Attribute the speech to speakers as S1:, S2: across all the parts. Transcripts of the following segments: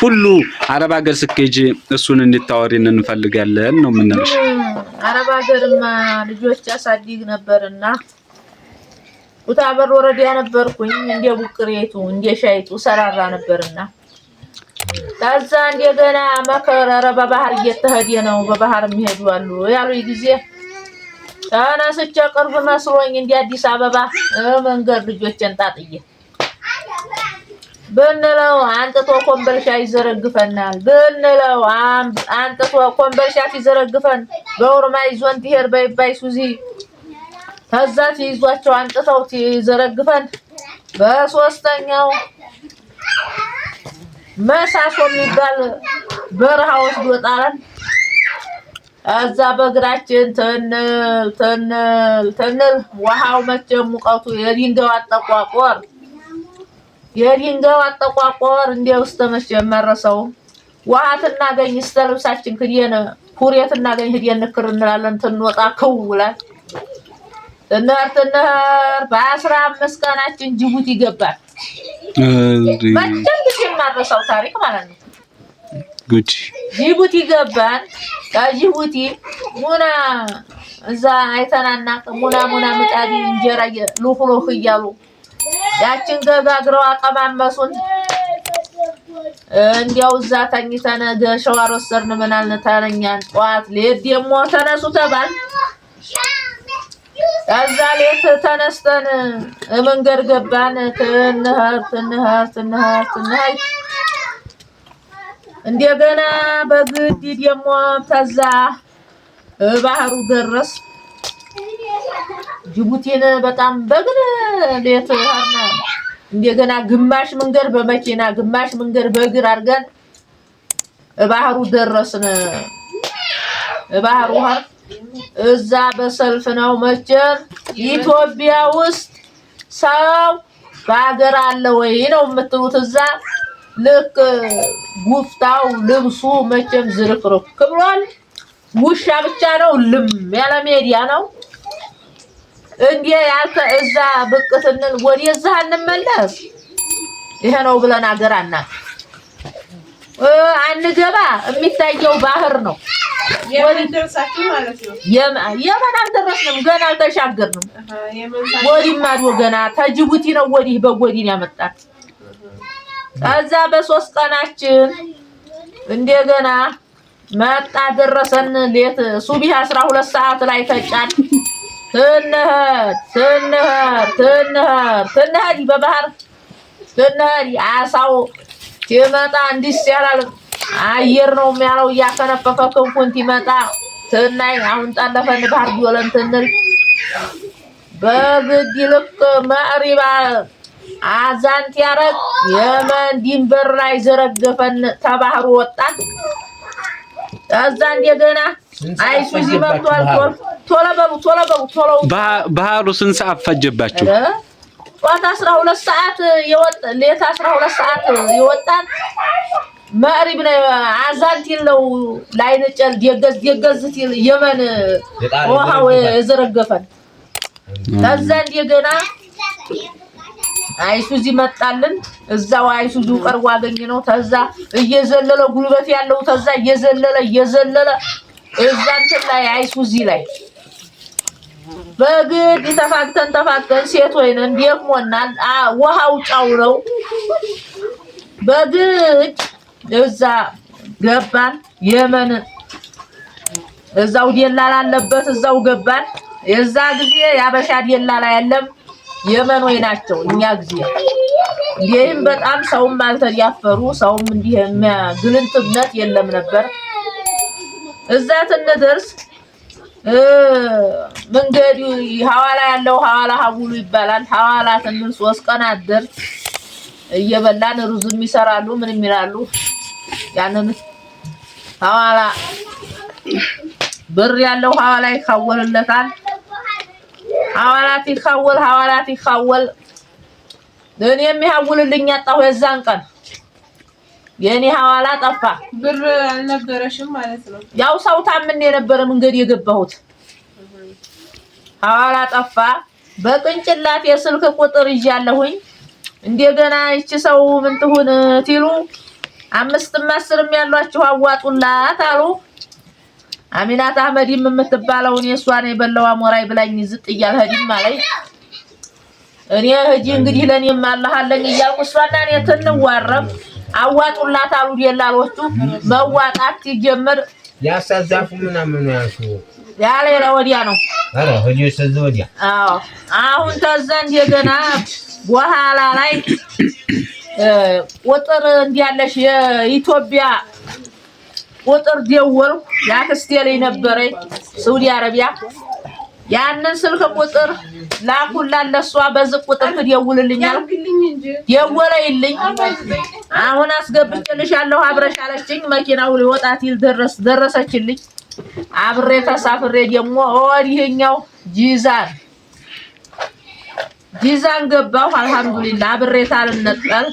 S1: ሁሉ አረብ ሀገር ስትሄጂ እሱን እንድታወሪን እንፈልጋለን ነው የምንልሽ።
S2: አረብ ሀገርማ ልጆች አሳድግ ነበርና ቁታበር ወረዳ ነበርኩኝ። እንደ ቡቅሬቱ እንደ ሻይጡ ሰራራ ነበርና ከዛ እንደገና መከረረ በባህር እየተሄደ ነው። በባህር የሚሄዱ አሉ ያሉ ጊዜ ተነስቼ ቅርብ መስሎኝ እንደ አዲስ አበባ መንገድ ልጆችን ጣጥዬ ብንለው አንጥቶ ኮምበልሻ ይዘረግፈናል ብንለው አንጥቶ ኮምበልሻ ሲዘረግፈን በውርማ ይዞን ትሄድ በይባይ ሱዚ ከዛ ይዟቸው አንጥተው ይዘረግፈን። በሶስተኛው መሳሶ የሚባል በረሃ ወስዶ ጣለን። እዛ በእግራችን ትንል ትንል ውሃው መቼም ሙቀቱ የድንጋዩ አጠቋቆር የድንጋዩ አጠቋቆር እንዲያው እስተመጀመረ ሰው ውሃ ትናገኝ እስተ ልብሳችን ክድየን ሁሬት እናገኝ ህድየን ንክር እንላለን። ትንወጣ ክውላል ትንህር ትንህር በአስራ አምስት ቀናችን ጅቡቲ ይገባል። መቼም ጊዜ የማረሳው ታሪክ ማለት ነው። ጅቡቲ ገባን። ከጅቡቲ ሙና እዛ አይተናና ሙና ሙና ምጣቢ እንጀራ ሉክሎክ እያሉ ያችን ገጋግረው አቀማመሱን እንዲያው እዛ ተኝተን ሸዋር ወሰድን ምን አልን ተነኛን። ጠዋት ሌት ደግሞ ተነሱ ተባል። ከዛ ሌት ተነስተን መንገድ ገባን። ትንህር ትንህር ትንህር ትንህር እንደገና በግድ ደግሞ ተዛ ባህሩ ደረስ ጅቡቲን በጣም በግል ሌት እንደገና ግማሽ መንገድ በመኪና ግማሽ መንገድ በእግር አድርገን ባህሩ ደረስን። ባህሩ ሀር እዛ በሰልፍ ነው መቼም ኢትዮጵያ ውስጥ ሰው በሀገር አለ ወይ ነው የምትሉት። እዛ ልክ ጉፍታው ልብሱ መቼም ዝርክርክ ብሏል። ውሻ ብቻ ነው ልም ያለ ሜዲያ ነው። እንዴ ያልከ እዛ ብቅ ስንል ወደዚህ እንመለስ። ይሄ ነው ብለን ሀገር አናውቅ አንገባ። የሚታየው ባህር ነው። የመን አልደረስንም፣ ገና አልተሻገርንም። ወዲህ ማዶ ገና ከጅቡቲ ነው ወዲህ በጎዲን ያመጣት። ከዛ በሶስት ቀናችን እንደገና መጣ ደረሰን። ሌት ሱቢህ አስራ ሁለት ሰዓት ላይ ተጫን ትንህድ ትንህድ ትንህድ ትንህድ በባህር ትንህድ አሳው ሲመጣ እንዲስ ያላል አየር ነው የሚያለው እያፈነፈፈ ክንኩን ሲመጣ ትናይ አሁን ጠለፈን ባህር ቢወለን ትንል በግድ ልክ መዕሪባ አዛንት ያረግ የመን ድንበር ላይ ዘረገፈን ተባህሩ ወጣን። እዛ እንደገና አይሱዚ መጥቷል። ቶሎ በሉ ቶሎ በሉ ቶሎ።
S1: ባህሩ ስንት ሰዓት ፈጀባችሁ?
S2: ጠዋት አስራ ሁለት ሰዓት የወጣ ሌት አስራ ሁለት ሰዓት የወጣን መዕሪብ ነው። አዛንቲል ነው ዲገዝ ዲገዝ ሲል የመን ውሃው የዘረገፈን ከዛን የገና አይሱዚ መጣልን። እዛው አይሱዙ ቀርቦ አገኘ ነው። ተዛ እየዘለለ ጉልበት ያለው ተዛ እየዘለለ እየዘለለ እዛንት ላይ አይሱዚ ላይ በግድ ተፋግተን ተፋግተን ሴት ወይነን ደክሞናል፣ ውሃው ጫው ነው። በግድ እዛ ገባን የመን እዛው ደላላ አለበት፣ እዛው ገባን። የዛ ጊዜ ያበሻ ደላላ የለም የመን ወይ ናቸው። እኛ ጊዜ ይህም በጣም ሰውም አልተዳፈሩ ሰውም እንዲህ ግልንትነት የለም ነበር። እዛ ትንደርስ መንገዱ ሐዋላ ያለው ሐዋላ ሀቡሉ ይባላል። ሐዋላ ትንሽ ሶስት ቀን አደር እየበላን ሩዝም ይሰራሉ ምንም ይላሉ። ያንን ሐዋላ ብር ያለው ሐዋላ ይካወልለታል። ሐዋላት ይካወል ሐዋላት ይካወል እኔም ይሐውልልኝ ያጣሁ የዛን ቀን የእኔ ሐዋላ ጠፋ።
S3: ብር አልነበረሽም ማለት
S2: ነው። ያው ሰው ታምን የነበረ መንገድ የገባሁት ሐዋላ ጠፋ። በቅንጭላት የስልክ ቁጥር ይዣለሁኝ። እንደገና ይቺ ሰው ምን ትሁን ትሉ አምስትም አስርም ያሏችሁ አዋጡላት አሉ። አሚናት አህመድም የምትባለውን የእሷ ነው የበለው አሞራይ ብላኝ ዝጥ እያል ሂጂም ማለኝ እኔ ሂጂ እንግዲህ ለኔ ማላሃለኝ እያልኩ እሷና እኔ ትንዋረም አዋጡላት አሉ ደላሎቹ። መዋጣት ሲጀምር
S1: ያሳዛፉ ምናምን ያሱ
S2: ያለ ወዲያ ነው።
S1: አረ ሆጂ ሰዘ ወዲያ። አዎ
S2: አሁን ተዛ እንደገና በኋላ ላይ ቁጥር እንዲያለሽ የኢትዮጵያ ቁጥር ደወልኩ። ያክስቴ ላይ ነበረኝ ሳውዲ አረቢያ ያንን ስልክ ቁጥር ላኩላት ለእሷ በዚህ ቁጥር ትደውልልኛል። ደወለይልኝ አሁን አስገብቼልሻለሁ አብረሽ አለችኝ። መኪናው ሊወጣት ይል ደረስ ደረሰችልኝ። አብሬ ተሳፍሬ ደግሞ ወዲህኛው ጂዛን ጂዛን ገባሁ። አልሐምዱሊላህ አብሬ ታልነጠል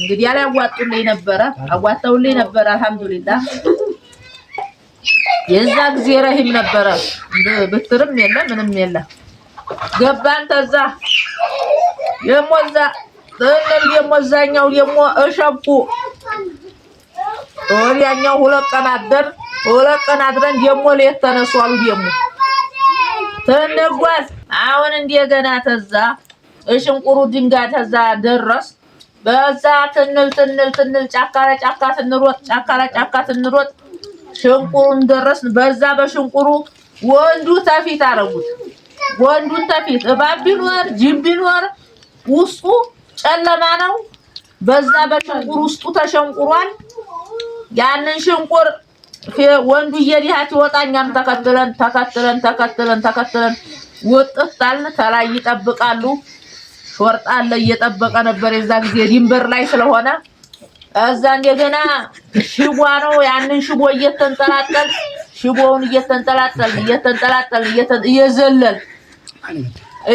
S2: እንግዲህ ያላዋጡልኝ ነበረ አዋጣውልኝ ነበረ አልሐምዱሊላህ የዛ ጊዜ ረሂም ነበረ። ብትርም የለ ምንም የለ። ገባን ተዛ የሞዛ እነን የሞዛኛው የሞ እሸብኩ ወዲያኛው ሁለት ቀን አደር ሁለት ቀን አድረን ደሞ ሌት ተነሱ ደሞ ትንጓዝ አሁን እንደገና ተዛ እሽንቁሩ ድንጋይ ተዛ ደረስ በዛ ትንል ትንል ትንል ጫካ ለጫካ ትንሮጥ ጫካ ለጫካ ትንሮጥ ሽንቁሩን ደረስን። በዛ በሽንቁሩ ወንዱ ተፊት አረጉት። ወንዱን ተፊት እባብ ቢኖር ጅብ ቢኖር ውስጡ ጨለማ ነው። በዛ በሽንቁር ውስጡ ተሸንቁሯል። ያንን ሽንቁር ወንዱ እየዲሃት ይወጣ፣ እኛም ተከትለን ተከትለን ተከትለን ተከትለን ወጥታልን። ተላይ ይጠብቃሉ። ሾርጣ አለ እየጠበቀ ነበር የዛ ጊዜ ድንበር ላይ ስለሆነ እዛ እንደገና ሽቦ ነው። ያንን ሽቦ እየተንጠላጠል ሽቦውን እየተንጠላጠል እየተንጠላጠል እየዘለል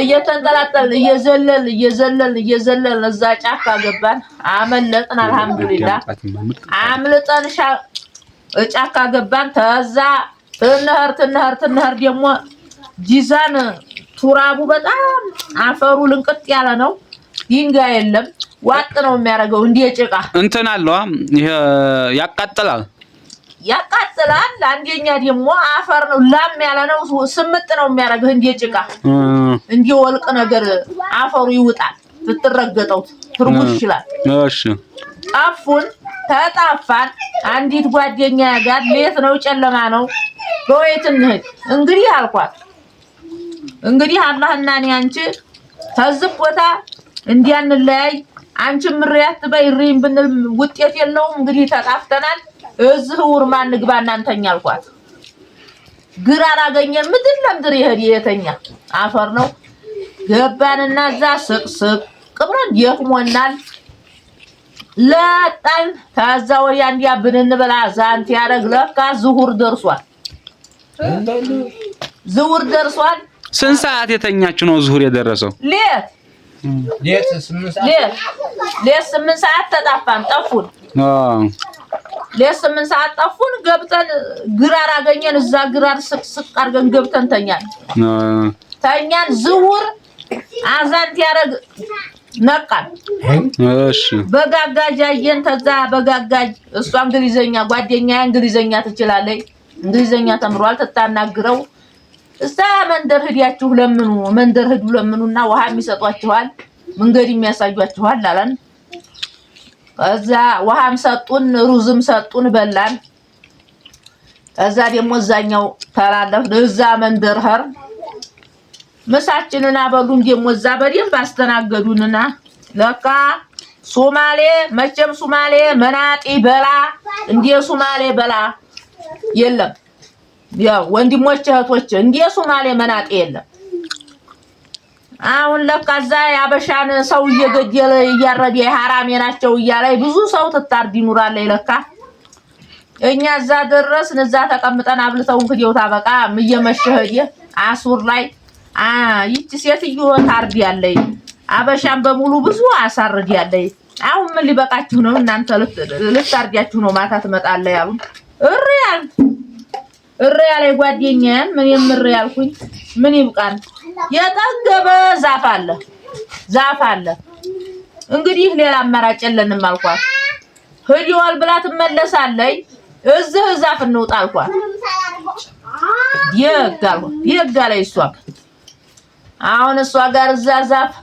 S2: እየተንጠላጠል እየዘለል እየዘለል እየዘለል እዛ ጫካ ገባን። አመለጥን። አልሐምዱሊላ አምልጠን ጫካ ገባን። ተዛ ትንህር ትንህር ትንህር ደግሞ ጂዛን ቱራቡ በጣም አፈሩ ልንቅጥ ያለ ነው። ድንጋይ የለም ዋጥ ነው የሚያደርገው። እንዲህ የጭቃ
S1: እንትን አለዋ ይሄ ያቃጥላል፣
S2: ያቃጥላል። አንደኛ ደግሞ አፈር ነው፣ ላም ያለ ነው፣ ስምጥ ነው የሚያደርገው። እንዲህ ጭቃ እንዲህ ወልቅ ነገር አፈሩ ይውጣል። ስትረገጠው ትርጉት ይችላል። እሺ ጠፉን፣ ተጣፋን። አንዲት ጓደኛ ጋር ሌት ነው፣ ጨለማ ነው፣ በወይት እንሂድ እንግዲህ አልኳት። እንግዲህ አላህና እኔ አንቺ ተዝብ ቦታ እንዲያንለያይ አንቺ ምሪያት በይ ሪም ብንል ውጤት የለውም። እንግዲህ ተጣፍተናል። እዚህ ውርማ እንግባ እናንተኛ አልኳት። ግራ አላገኘን። ምድር ለምድር ይሄድ የተኛ አፈር ነው። ገባንና እዛ ስቅስቅ ቅብረን የክሞናል ለጣን ከዛ ወዲያ እንዲያ ብንንበላ ዛንት ያደረግ ለካ ዝሁር ደርሷል። ዝሁር ደርሷል።
S1: ስንት ሰዓት የተኛችሁ ነው ዝሁር የደረሰው
S2: ሌት ሌት ስምንት ሰዓት ተጣፋን ጠፉን። ሌት ስምንት ሰዓት ጠፉን። ገብተን ግራር አገኘን። እዛ ግራር ስቅስቅ አድርገን ገብተን ተኛን። ተኛን ዝውር አዛንት ያደረግ ነቃን። እሺ በጋጋጅ አየን። ተዛ በጋጋጅ እሷ እንግሊዘኛ ጓደኛ እንግሊዘኛ ትችላለች። እንግሊዘኛ ተምሯል። ትታናግረው እዛ መንደር ሂዳችሁ ለምኑ፣ መንደር ሂዱ ለምኑና ውሃ የሚሰጧችኋል፣ መንገድ የሚያሳዩአችኋል አለን። ከዛ ውሃም ሰጡን፣ ሩዝም ሰጡን፣ በላን። ከዛ ደግሞ እዛኛው ተላለፍ እዛ መንደር ሀር ምሳችንን አበሉን። ደግሞ እዛ በደንብ አስተናገዱንና ለካ ሶማሌ መቼም ሶማሌ መናጢ በላ እንዴ ሶማሌ በላ የለም። ያው ወንድሞች እህቶች፣ እንደ ሱማሌ መናጤ የለም። አሁን ለካ እዛ ያበሻን ሰው እየገደለ እያረደ ሀራሜ ናቸው እያላይ ብዙ ሰው ትታርድ ይኑራል። ለካ እኛ እዛ ደረስን። እዛ ተቀምጠን አብልተው ክዴው ታበቃ እየመሸ ሄደ። አሱር ላይ ይቺ ሴትዮ ታርድ ያለይ አበሻን በሙሉ ብዙ አሳርድ ያለይ። አሁን ምን ሊበቃችሁ ነው እናንተ? ልታርዲያችሁ ነው? ማታ ትመጣለህ ያሉ እሪ ያሉት እረ ያለ ጓደኛዬን ምን የምር ያልኩኝ ምን ይብቃል። የጠገበ ዛፍ አለ ዛፍ አለ። እንግዲህ ሌላ አማራጭ የለንም አልኳት። ህዲዋል ብላ ትመለሳለች። እዚህ ዛፍ እንውጣ አልኳት። ይጋል ይጋል እሷ አሁን እሷ ጋር እዛ ዛፍ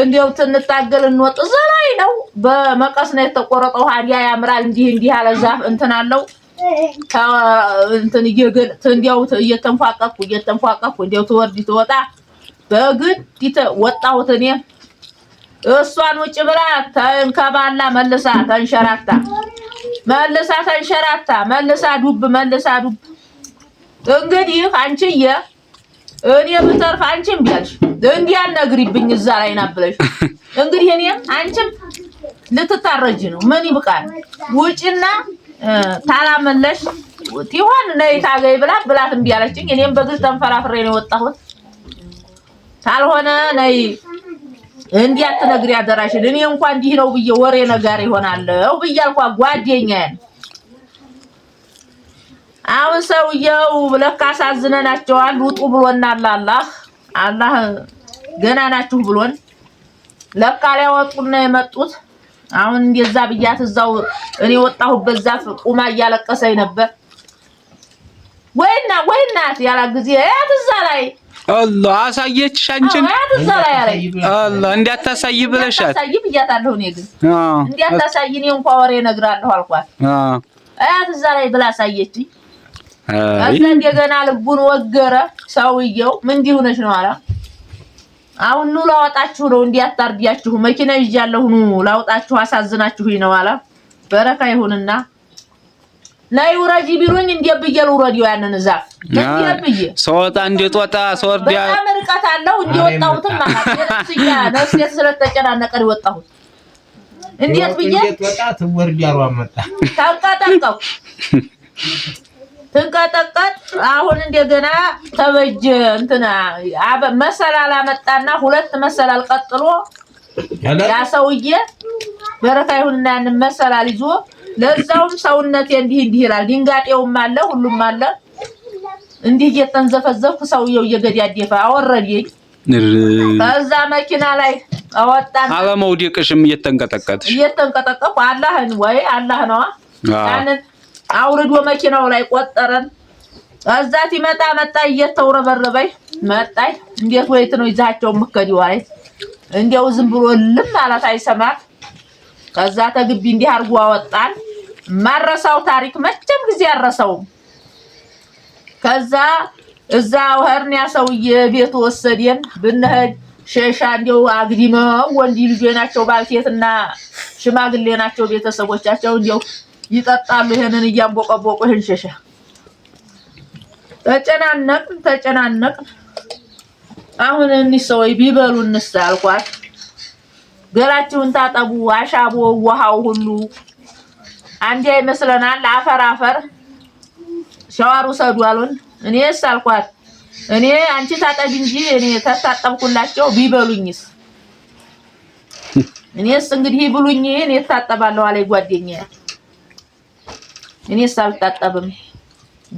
S2: እንዲያው ትንታገል እንወጥ ዘላይ ነው። በመቀስ ነው የተቆረጠው። ሀዲያ ያምራል እንዲህ እንዲህ አለ ዛፍ እንትን አለው እንትን እየገለጥክ እንዲያው እየተንፏቀኩ እየተንፏቀኩ እንዲያው ትወርድ ትወጣ በግድ ወጣሁት እኔ እሷን ውጭ ብላ ተንከባላ መልሳ ተንሸራታ መልሳ ተንሸራታ መልሳ ዱብ መልሳ ዱብ። እንግዲህ አንቺዬ እኔ ብተርፍ አንቺም ቢያልሽ እንዲህ አልነግሪብኝ እዛ ላይ ና ብለሽ እንግዲህ እኔ አንቺም ልትታረጅ ነው። ምን ይብቃል ውጭና ታላመለሽ ይሆን ነይ ታገይ ብላ ብላት እምቢ አለችኝ። እኔም በግል ተንፈራፍሬ ነው የወጣሁት። ካልሆነ ነይ እንዲህ አትነግሪ አደራሽን። እኔ እንኳን እንዲህ ነው ብዬ ወሬ ነገር ይሆናለሁ ብዬ አልኳት ጓደኛዬን። አሁን ሰውየው ለካ አሳዝነናቸዋል። ውጡ ብሎናል። አላህ አላህ ገና ናችሁ ብሎን ለካ ሊያወጡን ነው የመጡት። አሁን እንደዛ ብያት እዛው እኔ ወጣሁበት ዛፍ ቁማ እያለቀሰኝ ነበር። ወይና ወይናት ያላ ጊዜ ያት እዛ ላይ
S1: አላ አሳየችሽ አንቺን አላህ እንዳታሳይ ብለሻት
S2: አሳይ ብያታለሁ። እኔ ግን እንዳታሳይ እኔ እንኳን ወሬ እነግራለሁ አልኳት። አያት እዛ ላይ ብላ አሳየችኝ። አይ እንደገና ልቡን ወገረ ሰውየው። ምን እንዲሁ ነሽ ነው አላ አሁን ኑ ላወጣችሁ ነው፣ እንዲህ አታርጊያችሁ። መኪና ይዣለሁ፣ ኑ ላወጣችሁ፣ አሳዝናችሁ ነው አላ በረካ ይሁንና ናይ ውረጂ ቢሉኝ እንዴ ብዬ ልውረድ? ያንን ዛፍ
S1: ሰወጣ እንዴ ጦጣ
S2: በጣም ርቀት አለው። እንዴ ወጣሁትም ማለት ነፍሴ ስለተጨናነቀ ወጣሁት። እንዴት ብዬ
S1: ጦጣ ትወርድ
S2: ትንቀጠቀጥ አሁን እንደገና ተበጀ እንትና መሰላል አመጣና ሁለት መሰላል ቀጥሎ ያ ሰውዬ በረካ ይሁንና ያንን መሰላል ይዞ ለዛውም ሰውነቴ እንዲህ እንዲህ ይላል። ድንጋጤውም አለ ሁሉም አለ። እንዲህ እየተንዘፈዘፍኩ ሰውየው እየገዳደፈ አወረደኝ። ከዛ መኪና ላይ
S1: አወጣን። አለመውደቅሽም እየተንቀጠቀጥሽ
S2: እየተንቀጠቀጥኩ አላህን ወይ አላህ ነዋ ያንን አውርዶ መኪናው ላይ ቆጠረን። እዛት ይመጣ መጣ እየተውረበረበኝ መጣይ እንዴት ወይት ነው ይዛቸው ምከዲው ዋይ እንዴው ዝም ብሎ ልም ማለት አይሰማት። ከዛ ተግቢ እንዲህ አርጎ አወጣን። ማረሳው ታሪክ መቼም ጊዜ አረሳውም። ከዛ እዛ ወህርኒያ ሰውዬ ቤት ወሰደን። ብንሄድ ሸሻ እንዲያው አግዲመው ወንድ ልጆች ናቸው ባልቴትና ሽማግሌ ናቸው ቤተሰቦቻቸው እንዲያው ይጠጣሉ። ይሄንን እያንቦቀቦቁ ይሄን ሸሸ ተጨናነቅ ተጨናነቅ። አሁን እኒህ ሰዎች ቢበሉ እንስ አልኳት። ገላችሁን ታጠቡ፣ አሻቦ ውሃው ሁሉ አንድ ይመስለናል። አፈር አፈር ሸዋሩ ሰዱ አሉን። እኔስ አልኳት እኔ አንቺ ታጠቢ እንጂ እኔ ተታጠብኩላቸው ቢበሉኝስ እኔስ እንግዲህ ብሉኝ እኔ እታጠባለሁ አለኝ ጓደኛዬ እኔ ሳልታጠብም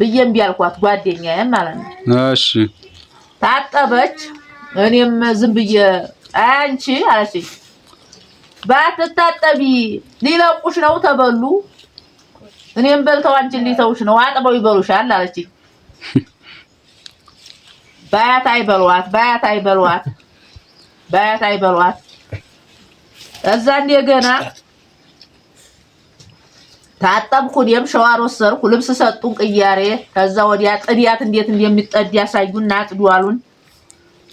S2: ብዬም ቢያልኳት አልኳት። ጓደኛዬ ማለት ነው። እሺ ታጠበች። እኔም ዝም ብዬ አንቺ አለችኝ፣ ባትታጠቢ ሊለቁሽ ነው ተበሉ። እኔም በልተው አንቺን ሊተውሽ ነው አጥበው ይበሉሻል አለችኝ። ባያት አይበሏት፣ ባያት አይበሏት፣ ባያት አይበሏት። እዛ እንደገና ታጠብኩ፣ እኔም ሸዋር ወሰድኩ፣ ልብስ ሰጡን ቅያሬ። ከዛ ወዲያ ጥዲያት እንዴት እንደሚጠድ ያሳዩና ጥዷሉን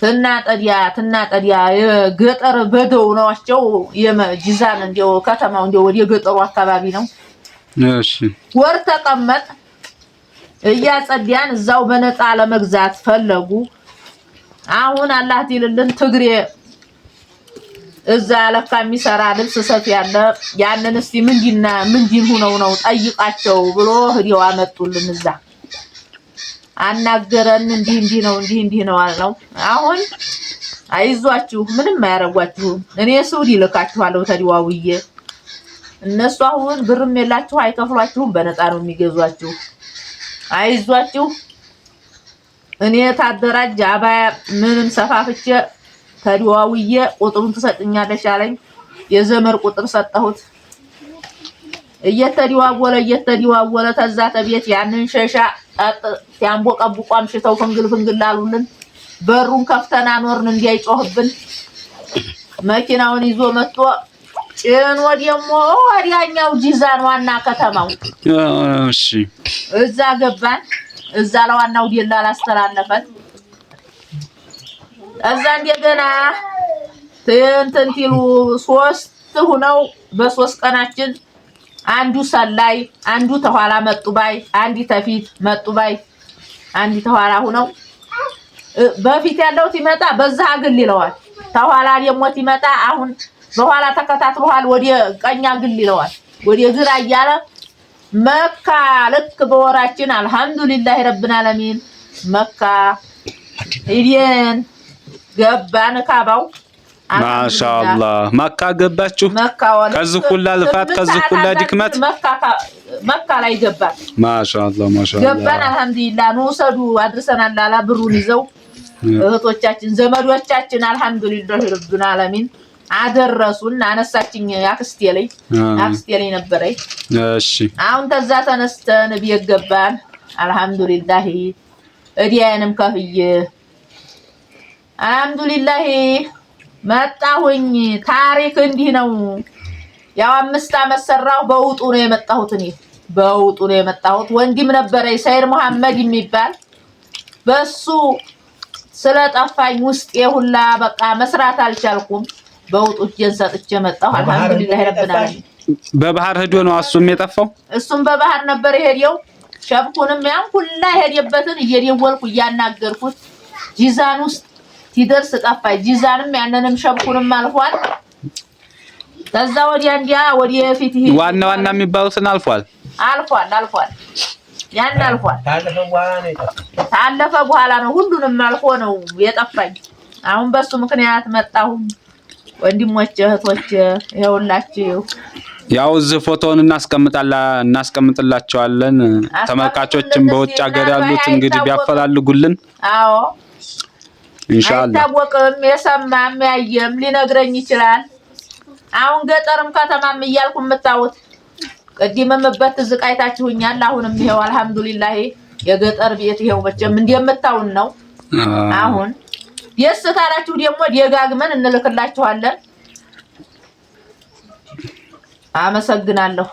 S2: ትና ጠዲያ ትና ጠዲያ የገጠር በደው ነዋቸው። የጂዛን እንደው ከተማው እንደው ወደ ገጠሩ አካባቢ ነው። እሺ ወር ተቀመጥ እያጸዲያን እዛው በነፃ ለመግዛት ፈለጉ። አሁን አላህ ይልልን ትግሬ እዛ ለካ የሚሰራ ልብስ ሰፊ ያለ ያንን እስቲ ምንዲና ምንዲን ሁነው ነው ጠይቃቸው ብሎ ህዲው አመጡልን። እዛ አናገረን። እንዲህ እንዲህ ነው እንዲህ እንዲህ ነው አለው። አሁን አይዟችሁ፣ ምንም አያረጓችሁም። እኔ ስውድ ይልካችኋለሁ ተዲዋውዬ። እነሱ አሁን ብርም የላችሁ አይከፍሏችሁም፣ በነፃ ነው የሚገዟችሁ። አይዟችሁ፣ እኔ ታደራጅ አባያ ምንም ሰፋፍቼ ተደዋውዬ ቁጥሩን ትሰጥኛለሽ አለኝ። የዘመር ቁጥር ሰጠሁት። እየተደዋወለ እየተደዋወለ ተዛ ተቤት ያንን ሸሻ ያንቦቀቡቆ አምሽተው ፍንግል ፍንግል አሉልን። በሩን ከፍተን አኖርን እንዳይጮህብን። መኪናውን ይዞ መጥቶ ጭኖ ደግሞ ወዲያኛው ጂዛን ዋና ከተማው እዛ ገባን። እዛ ለዋናው ዲላ አላስተላለፈን። ከዛ እንደገና እንትን ሲሉ ሶስት ሁነው በሶስት ቀናችን አንዱ ሰላይ፣ አንዱ ተኋላ መጡ ባይ፣ አንዲ ተፊት መጡ ባይ፣ አንዲ ተኋላ ሁነው በፊት ያለው ሲመጣ በዛ አግል ይለዋል። ተኋላ ደግሞ ሲመጣ አሁን በኋላ ተከታትሎሃል ወደ ቀኛ ግል ይለዋል። ወደ ግራ እያለ መካ ልክ በወራችን አልሐምዱሊላህ ረብን አለሚን መካ ኢዲን ገባን ካባው
S1: ማሻአላ መካ ገባችሁ። ከዚህ ሁላ ልፋት ከዚህ ሁላ ድክመት
S2: መካ ላይ ገባን። ማሻአላ ማሻአላ ገባን። አልሐምዱሊላህ ነው ሰዱ አድርሰናል። አላ ብሩን ይዘው እህቶቻችን ዘመዶቻችን አልሐምዱሊላህ ረብል አለሚን አደረሱን። አነሳችኝ አክስቴ ላይ አክስቴ ላይ ነበረኝ። እሺ አሁን ተዛ ተነስተን ቤት ገባን። አልሐምዱሊላህ እዲያንም ከፍዬ አልሐምዱሊላህ መጣሁኝ። ታሪክ እንዲህ ነው። ያው አምስት አመት ሰራሁ። በውጡ ነው የመጣሁት እኔ በውጡ ነው የመጣሁት። ወንድም ነበረ ሰይድ መሐመድ የሚባል በሱ ስለጠፋኝ ውስጤ ሁላ በቃ መስራት አልቻልኩም። በውጡ እጄን ሰጥቼ መጣሁ። አልሐምዱሊላህ ረብና
S1: በባህር ሄዶ ነው እሱም የጠፋው።
S2: እሱም በባህር ነበር የሄደው። ሸብኩንም ያን ሁላ የሄደበትን እየደወልኩ እያናገርኩት ጂዛን ውስጥ ሲደርስ ጠፋ ጂዛንም ያንንም ሸምኩንም አልፏል። ከዛ ወዲያ እንዲያ ወዲያ የፊት ይሄ
S1: ዋና ዋና የሚባሉትን አልፏል
S2: አልፏል አልፏል ያን አልፏል። ታለፈ በኋላ ነው ሁሉንም አልፎ ነው የጠፋኝ። አሁን በሱ ምክንያት መጣሁ። ወንድሞች እህቶች፣ ይኸውላችሁ
S1: ያው እዚህ ፎቶውን እናስቀምጥላቸዋለን። ተመልካቾችም በውጭ ሀገር ያሉት እንግዲህ ቢያፈላልጉልን። አዎ አይታወቅም።
S2: የሰማም ያየም ሊነግረኝ ይችላል። አሁን ገጠርም ከተማም እያልኩ የምታዩት ቅድምም በት አይታችሁኛል አሁንም ይሄው አልሐምዱሊላህ የገጠር ቤት ይሄው መቼም እንደምታዩን ነው። አሁን ደስ ካላችሁ ደግሞ ደጋግመን እንልክላችኋለን። አመሰግናለሁ።